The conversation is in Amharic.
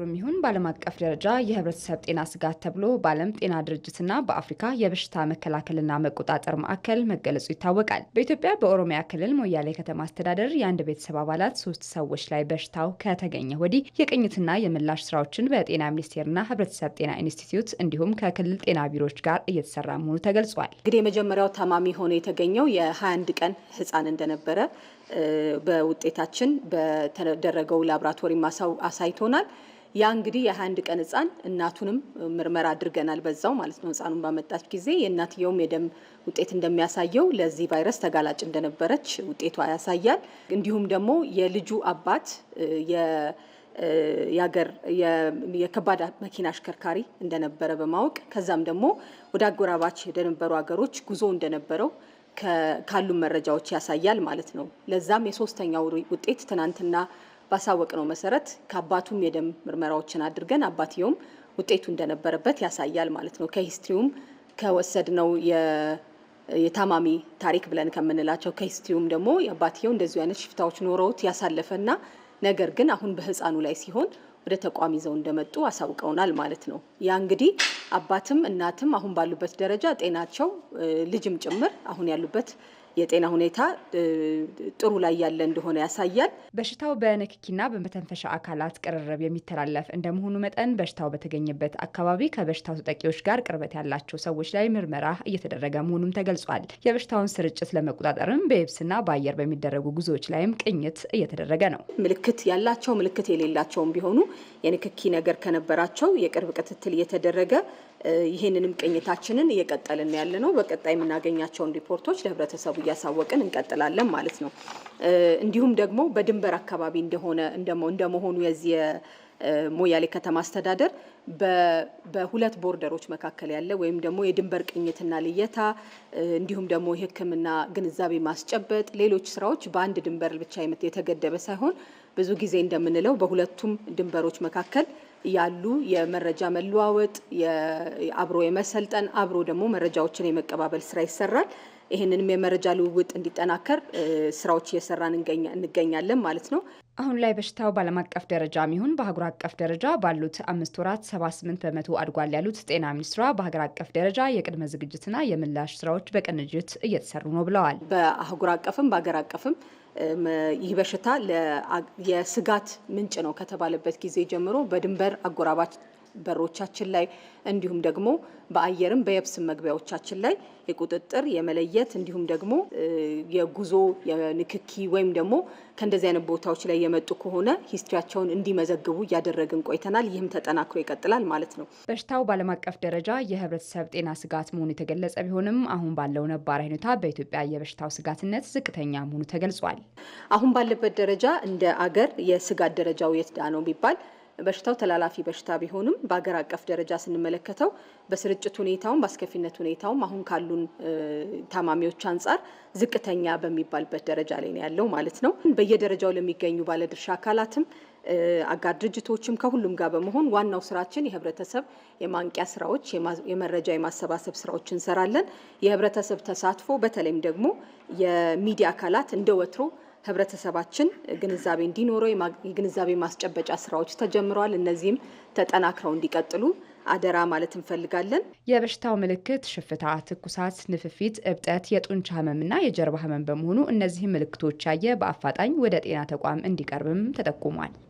በአህጉርም ይሁን በዓለም አቀፍ ደረጃ የህብረተሰብ ጤና ስጋት ተብሎ በዓለም ጤና ድርጅትና በአፍሪካ የበሽታ መከላከልና መቆጣጠር ማዕከል መገለጹ ይታወቃል። በኢትዮጵያ በኦሮሚያ ክልል ሞያሌ ከተማ አስተዳደር የአንድ ቤተሰብ አባላት ሶስት ሰዎች ላይ በሽታው ከተገኘ ወዲህ የቅኝትና የምላሽ ስራዎችን በጤና ሚኒስቴርና ህብረተሰብ ጤና ኢንስቲትዩት እንዲሁም ከክልል ጤና ቢሮዎች ጋር እየተሰራ መሆኑ ተገልጿል። እንግዲህ የመጀመሪያው ታማሚ ሆኖ የተገኘው የ21 ቀን ህፃን እንደነበረ በውጤታችን በተደረገው ላብራቶሪ አሳይቶናል። ያ እንግዲህ የ21 ቀን ህፃን እናቱንም ምርመራ አድርገናል በዛው ማለት ነው። ህጻኑን ባመጣች ጊዜ የእናትየውም የደም ውጤት እንደሚያሳየው ለዚህ ቫይረስ ተጋላጭ እንደነበረች ውጤቷ ያሳያል። እንዲሁም ደግሞ የልጁ አባት የአገር የከባድ መኪና አሽከርካሪ እንደነበረ በማወቅ ከዛም ደግሞ ወደ አጎራባች ወደነበሩ ሀገሮች ጉዞ እንደነበረው ካሉ መረጃዎች ያሳያል ማለት ነው። ለዛም የሶስተኛው ውጤት ትናንትና ባሳወቅነው መሰረት ከአባቱም የደም ምርመራዎችን አድርገን አባትየውም ውጤቱ እንደነበረበት ያሳያል ማለት ነው። ከሂስትሪውም ከወሰድነው የታማሚ ታሪክ ብለን ከምንላቸው ከሂስትሪውም ደግሞ የአባትየው እንደዚሁ አይነት ሽፍታዎች ኖረውት ያሳለፈና ነገር ግን አሁን በህፃኑ ላይ ሲሆን ወደ ተቋም ይዘው እንደመጡ አሳውቀውናል ማለት ነው። ያ እንግዲህ አባትም እናትም አሁን ባሉበት ደረጃ ጤናቸው ልጅም ጭምር አሁን ያሉበት የጤና ሁኔታ ጥሩ ላይ ያለ እንደሆነ ያሳያል። በሽታው በንክኪና በመተንፈሻ አካላት ቅርርብ የሚተላለፍ እንደመሆኑ መጠን በሽታው በተገኘበት አካባቢ ከበሽታው ተጠቂዎች ጋር ቅርበት ያላቸው ሰዎች ላይ ምርመራ እየተደረገ መሆኑም ተገልጿል። የበሽታውን ስርጭት ለመቆጣጠርም በየብስና በአየር በሚደረጉ ጉዞዎች ላይም ቅኝት እየተደረገ ነው። ምልክት ያላቸው ምልክት የሌላቸውም ቢሆኑ የንክኪ ነገር ከነበራቸው የቅርብ ክትትል እየተደረገ ይህንንም ቅኝታችንን እየቀጠልን ያለ ነው። በቀጣይ የምናገኛቸውን ሪፖርቶች ለህብረተሰቡ እያሳወቅን እንቀጥላለን ማለት ነው። እንዲሁም ደግሞ በድንበር አካባቢ እንደሆነ እንደመሆኑ የዚህ ሞያሌ ከተማ አስተዳደር በሁለት ቦርደሮች መካከል ያለ ወይም ደግሞ የድንበር ቅኝትና ልየታ እንዲሁም ደግሞ የሕክምና ግንዛቤ ማስጨበጥ፣ ሌሎች ስራዎች በአንድ ድንበር ብቻ የተገደበ ሳይሆን ብዙ ጊዜ እንደምንለው በሁለቱም ድንበሮች መካከል ያሉ የመረጃ መለዋወጥ፣ አብሮ የመሰልጠን አብሮ ደግሞ መረጃዎችን የመቀባበል ስራ ይሰራል። ይህንንም የመረጃ ልውውጥ እንዲጠናከር ስራዎች እየሰራን እንገኛለን ማለት ነው። አሁን ላይ በሽታው በዓለም አቀፍ ደረጃ ይሁን በአህጉር አቀፍ ደረጃ ባሉት አምስት ወራት 78 በመቶ አድጓል ያሉት ጤና ሚኒስትሯ በሀገር አቀፍ ደረጃ የቅድመ ዝግጅትና የምላሽ ስራዎች በቅንጅት እየተሰሩ ነው ብለዋል። በአህጉር አቀፍም በሀገር አቀፍም ይህ በሽታ የስጋት ምንጭ ነው ከተባለበት ጊዜ ጀምሮ በድንበር አጎራባች በሮቻችን ላይ እንዲሁም ደግሞ በአየርም በየብስ መግቢያዎቻችን ላይ የቁጥጥር የመለየት እንዲሁም ደግሞ የጉዞ የንክኪ ወይም ደግሞ ከእንደዚህ አይነት ቦታዎች ላይ የመጡ ከሆነ ሂስትሪያቸውን እንዲመዘግቡ እያደረግን ቆይተናል። ይህም ተጠናክሮ ይቀጥላል ማለት ነው። በሽታው በዓለም አቀፍ ደረጃ የህብረተሰብ ጤና ስጋት መሆኑ የተገለጸ ቢሆንም አሁን ባለው ነባራዊ ሁኔታ በኢትዮጵያ የበሽታው ስጋትነት ዝቅተኛ መሆኑ ተገልጿል። አሁን ባለበት ደረጃ እንደ አገር የስጋት ደረጃው የትዳ ነው ቢባል በሽታው ተላላፊ በሽታ ቢሆንም በሀገር አቀፍ ደረጃ ስንመለከተው በስርጭት ሁኔታውም በአስከፊነት ሁኔታውም አሁን ካሉን ታማሚዎች አንጻር ዝቅተኛ በሚባልበት ደረጃ ላይ ነው ያለው ማለት ነው። በየደረጃው ለሚገኙ ባለድርሻ አካላትም አጋር ድርጅቶችም ከሁሉም ጋር በመሆን ዋናው ስራችን የህብረተሰብ የማንቂያ ስራዎች፣ የመረጃ የማሰባሰብ ስራዎች እንሰራለን። የህብረተሰብ ተሳትፎ በተለይም ደግሞ የሚዲያ አካላት እንደ ወትሮ ህብረተሰባችን ግንዛቤ እንዲኖረው የግንዛቤ ማስጨበጫ ስራዎች ተጀምረዋል። እነዚህም ተጠናክረው እንዲቀጥሉ አደራ ማለት እንፈልጋለን። የበሽታው ምልክት ሽፍታ፣ ትኩሳት፣ ንፍፊት፣ እብጠት፣ የጡንቻ ህመምና የጀርባ ህመም በመሆኑ እነዚህም ምልክቶች ያየ በአፋጣኝ ወደ ጤና ተቋም እንዲቀርብም ተጠቁሟል።